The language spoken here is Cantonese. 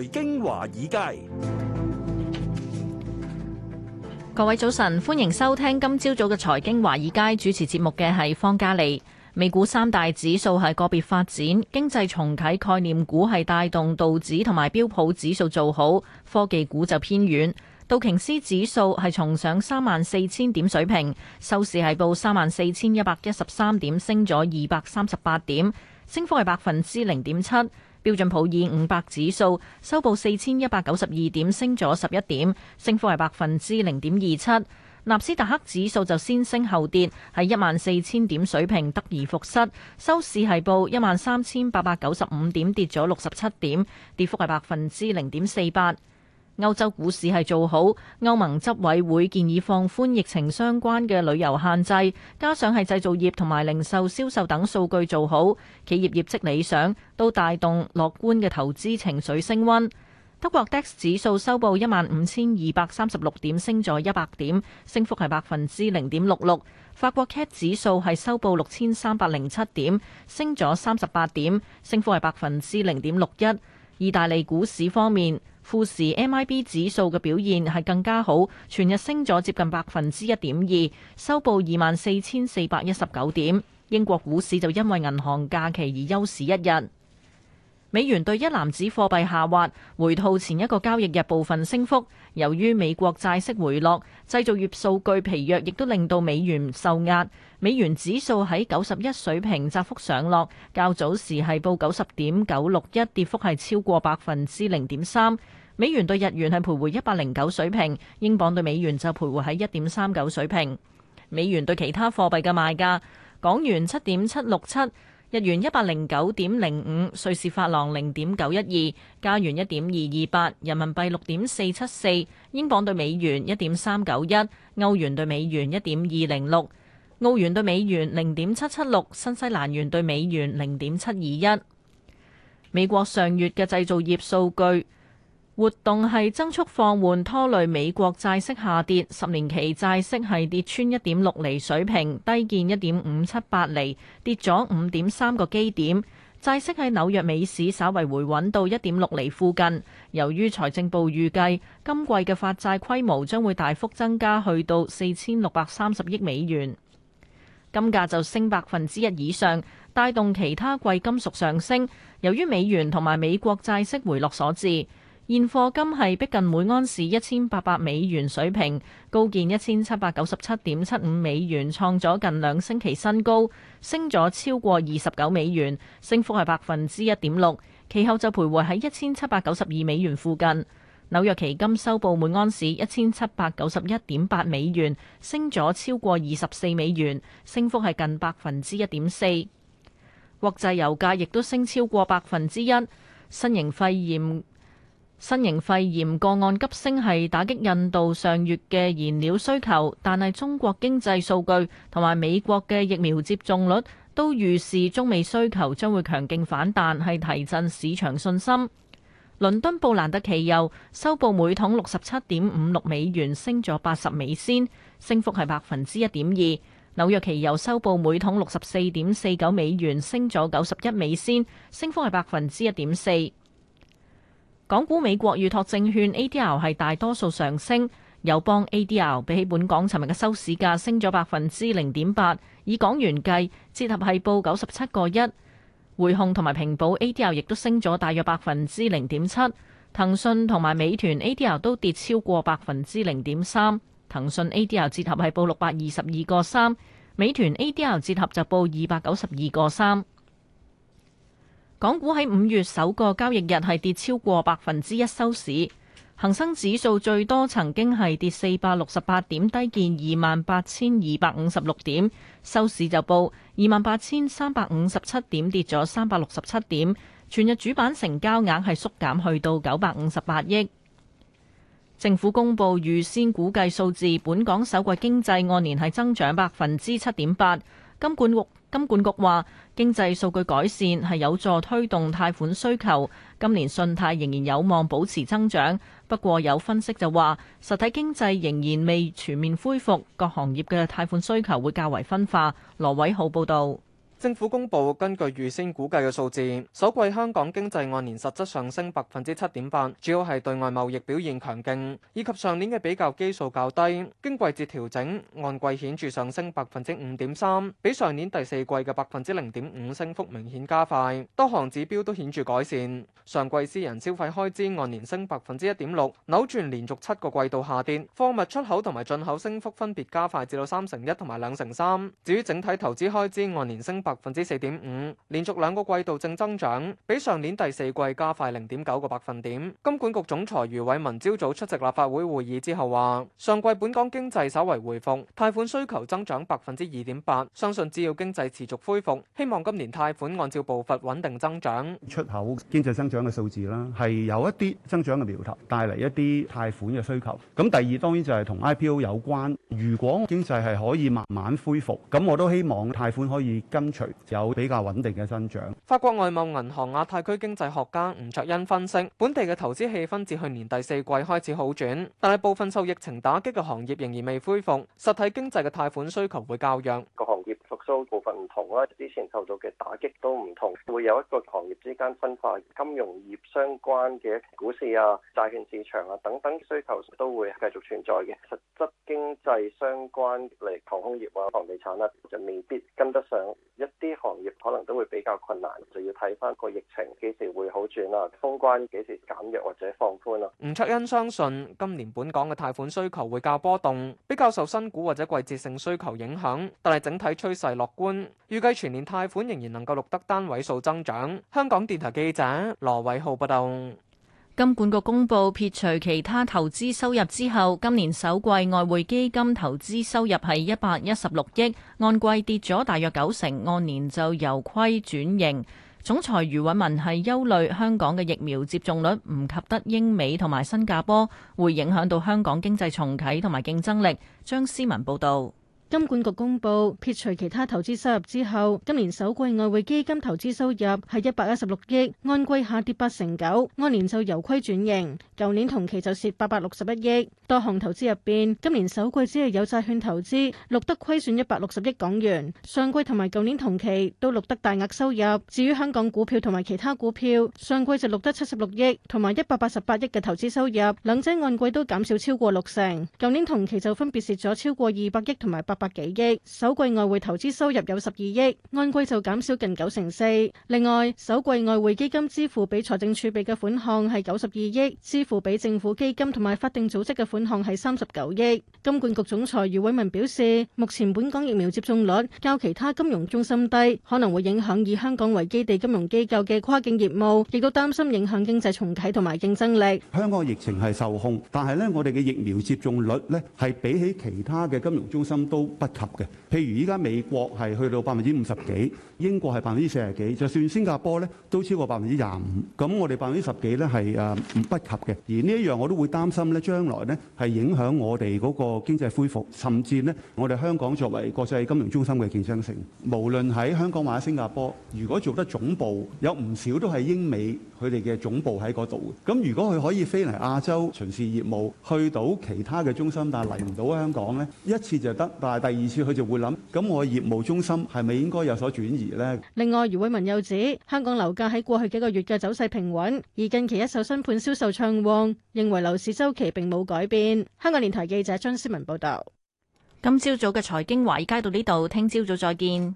財經華爾街，各位早晨，歡迎收聽今朝早嘅財經華爾街，主持節目嘅係方嘉利，美股三大指數係個別發展，經濟重啟概念股係帶動道指同埋標普指數做好，科技股就偏軟。道瓊斯指數係重上三萬四千點水平，收市係報三萬四千一百一十三點，升咗二百三十八點，升幅係百分之零點七。標準普爾五百指數收報四千一百九十二點，升咗十一點，升幅係百分之零點二七。納斯達克指數就先升後跌，喺一萬四千點水平得而復失，收市係報一萬三千八百九十五點，跌咗六十七點，跌幅係百分之零點四八。歐洲股市係做好，歐盟執委會建議放寬疫情相關嘅旅遊限制，加上係製造業同埋零售銷售等數據做好，企業業績理想都帶動樂觀嘅投資情緒升温。德國 DAX 指數收報一萬五千二百三十六點，升咗一百點，升幅係百分之零點六六。法國 CAC 指數係收報六千三百零七點，升咗三十八點，升幅係百分之零點六一。意大利股市方面。富時 MIB 指數嘅表現係更加好，全日升咗接近百分之一點二，收報二萬四千四百一十九點。英國股市就因為銀行假期而休市一日。美元兌一籃子貨幣下滑，回吐前一個交易日部分升幅。由於美國債息回落，製造業數據疲弱，亦都令到美元受壓。美元指數喺九十一水平窄幅上落，較早時係報九十點九六一，跌幅係超過百分之零點三。美元兌日元係徘徊一百零九水平，英鎊兌美元就徘徊喺一點三九水平。美元兌其他貨幣嘅賣價，港元七點七六七。日元一百零九點零五，瑞士法郎零點九一二，加元一點二二八，人民幣六點四七四，英鎊對美元一點三九一，歐元對美元一點二零六，澳元對美元零點七七六，新西蘭元對美元零點七二一。美國上月嘅製造業數據。活動係增速放緩，拖累美國債息下跌，十年期債息係跌穿一點六厘水平，低見一點五七八厘，跌咗五點三個基點。債息喺紐約美市稍為回穩到一點六厘附近。由於財政部預計今季嘅發債規模將會大幅增加，去到四千六百三十億美元，金價就升百分之一以上，帶動其他貴金屬上升。由於美元同埋美國債息回落所致。現貨金係逼近每安士一千八百美元水平，高見一千七百九十七點七五美元，創咗近兩星期新高，升咗超過二十九美元，升幅係百分之一點六。其後就徘徊喺一千七百九十二美元附近。紐約期金收報每安士一千七百九十一點八美元，升咗超過二十四美元，升幅係近百分之一點四。國際油價亦都升超過百分之一，新型肺炎。新型肺炎個案急升係打擊印度上月嘅燃料需求，但係中國經濟數據同埋美國嘅疫苗接種率都預示中美需求將會強勁反彈，係提振市場信心。倫敦布蘭特期油收報每桶六十七點五六美元，升咗八十美仙，升幅係百分之一點二。紐約期油收報每桶六十四點四九美元，升咗九十一美仙，升幅係百分之一點四。港股、美國預托證券 ADR 係大多數上升，友邦 ADR 比起本港尋日嘅收市價升咗百分之零點八，以港元計，折合係報九十七個一。匯控同埋平保 ADR 亦都升咗大約百分之零點七。騰訊同埋美團 ADR 都跌超過百分之零點三，騰訊 ADR 折合係報六百二十二個三，美團 ADR 折合就報二百九十二個三。港股喺五月首個交易日係跌超過百分之一收市，恒生指數最多曾經係跌四百六十八點，低見二萬八千二百五十六點，收市就報二萬八千三百五十七點，跌咗三百六十七點。全日主板成交額係縮減去到九百五十八億。政府公布預先估計數字，本港首季經濟按年係增長百分之七點八，金管局。金管局話，經濟數據改善係有助推動貸款需求，今年信貸仍然有望保持增長。不過有分析就話，實體經濟仍然未全面恢復，各行業嘅貸款需求會較為分化。羅偉浩報道。政府公布根據預先估計嘅數字，首季香港經濟按年實質上升百分之七點八，主要係對外貿易表現強勁，以及上年嘅比較基數較低。經季節調整，按季顯著上升百分之五點三，比上年第四季嘅百分之零點五升幅明顯加快。多項指標都顯著改善，上季私人消費開支按年升百分之一點六，扭轉連續七個季度下跌。貨物出口同埋進口升幅分別加快至到三成一同埋兩成三。至於整體投資開支按年升百。百分之四點五，5，連續兩個季度正增長，比上年第四季加快零點九個百分點。金管局總裁余偉文朝早出席立法會會議之後話，上季本港經濟稍為回復，貸款需求增長百分之二點八，相信只要經濟持續恢復，希望今年貸款按照步伐穩定增長。出口經濟增長嘅數字啦，係有一啲增長嘅苗頭，帶嚟一啲貸款嘅需求。咁第二，當然就係同 IPO 有關。如果經濟係可以慢慢恢復，咁我都希望貸款可以跟。有比較穩定嘅增長。法國外貿銀行亞太區經濟學家吳卓恩分析，本地嘅投資氣氛自去年第四季開始好轉，但係部分受疫情打擊嘅行業仍然未恢復，實體經濟嘅貸款需求會較弱。各行業數部分唔同啦，之前受到嘅打擊都唔同，會有一個行業之間分化。金融業相關嘅股市啊、債券市場啊等等需求都會繼續存在嘅。實質經濟相關嚟航空業啊、房地產啊就未必跟得上，一啲行業可能都會比較困難，就要睇翻個疫情幾時會好轉啦，封關幾時減弱或者放寬啦。吳卓恩相信今年本港嘅貸款需求會較波動，比較受新股或者季節性需求影響，但係整體趨勢。樂觀，預計全年貸款仍然能夠錄得單位數增長。香港電台記者羅偉浩報道，金管局公布撇除其他投資收入之後，今年首季外匯基金投資收入係一百一十六億，按季跌咗大約九成，按年就由虧轉盈。總裁余偉文係憂慮香港嘅疫苗接種率唔及得英美同埋新加坡，會影響到香港經濟重啟同埋競爭力。張思文報道。金管局公布，撇除其他投資收入之後，今年首季外匯基金投資收入係一百一十六億，按季下跌八成九，按年就由虧轉盈。舊年同期就蝕八百六十一億。多項投資入邊，今年首季只係有債券投資錄得虧損一百六十億港元，上季同埋舊年同期都錄得大額收入。至於香港股票同埋其他股票，上季就錄得七十六億同埋一百八十八億嘅投資收入，兩者按季都減少超過六成，舊年同期就分別蝕咗超過二百億同埋八百。百幾億，首季外匯投資收入有十二億，按季就減少近九成四。另外，首季外匯基金支付俾財政儲備嘅款項係九十二億，支付俾政府基金同埋法定組織嘅款項係三十九億。金管局總裁余偉文表示，目前本港疫苗接種率較其他金融中心低，可能會影響以香港為基地金融機構嘅跨境業務，亦都擔心影響經濟重啟同埋競爭力。香港嘅疫情係受控，但係呢，我哋嘅疫苗接種率呢，係比起其他嘅金融中心都。不及嘅，譬如依家美國係去到百分之五十幾，英國係百分之四十幾，就算新加坡咧都超過百分之廿五，咁我哋百分之十幾咧係誒不及嘅。而呢一樣我都會擔心咧，將來咧係影響我哋嗰個經濟恢復，甚至咧我哋香港作為國際金融中心嘅競爭性。無論喺香港或者新加坡，如果做得總部有唔少都係英美佢哋嘅總部喺嗰度，咁如果佢可以飛嚟亞洲巡視業務去到其他嘅中心，但係嚟唔到香港咧，一次就得，第二次佢就會諗，咁我業務中心係咪應該有所轉移呢？」另外，余偉文又指，香港樓價喺過去幾個月嘅走勢平穩，而近期一手新盤銷售暢旺，認為樓市周期並冇改變。香港電台記者張思文報道。今朝早嘅財經華爾街到呢度，聽朝早，早再見。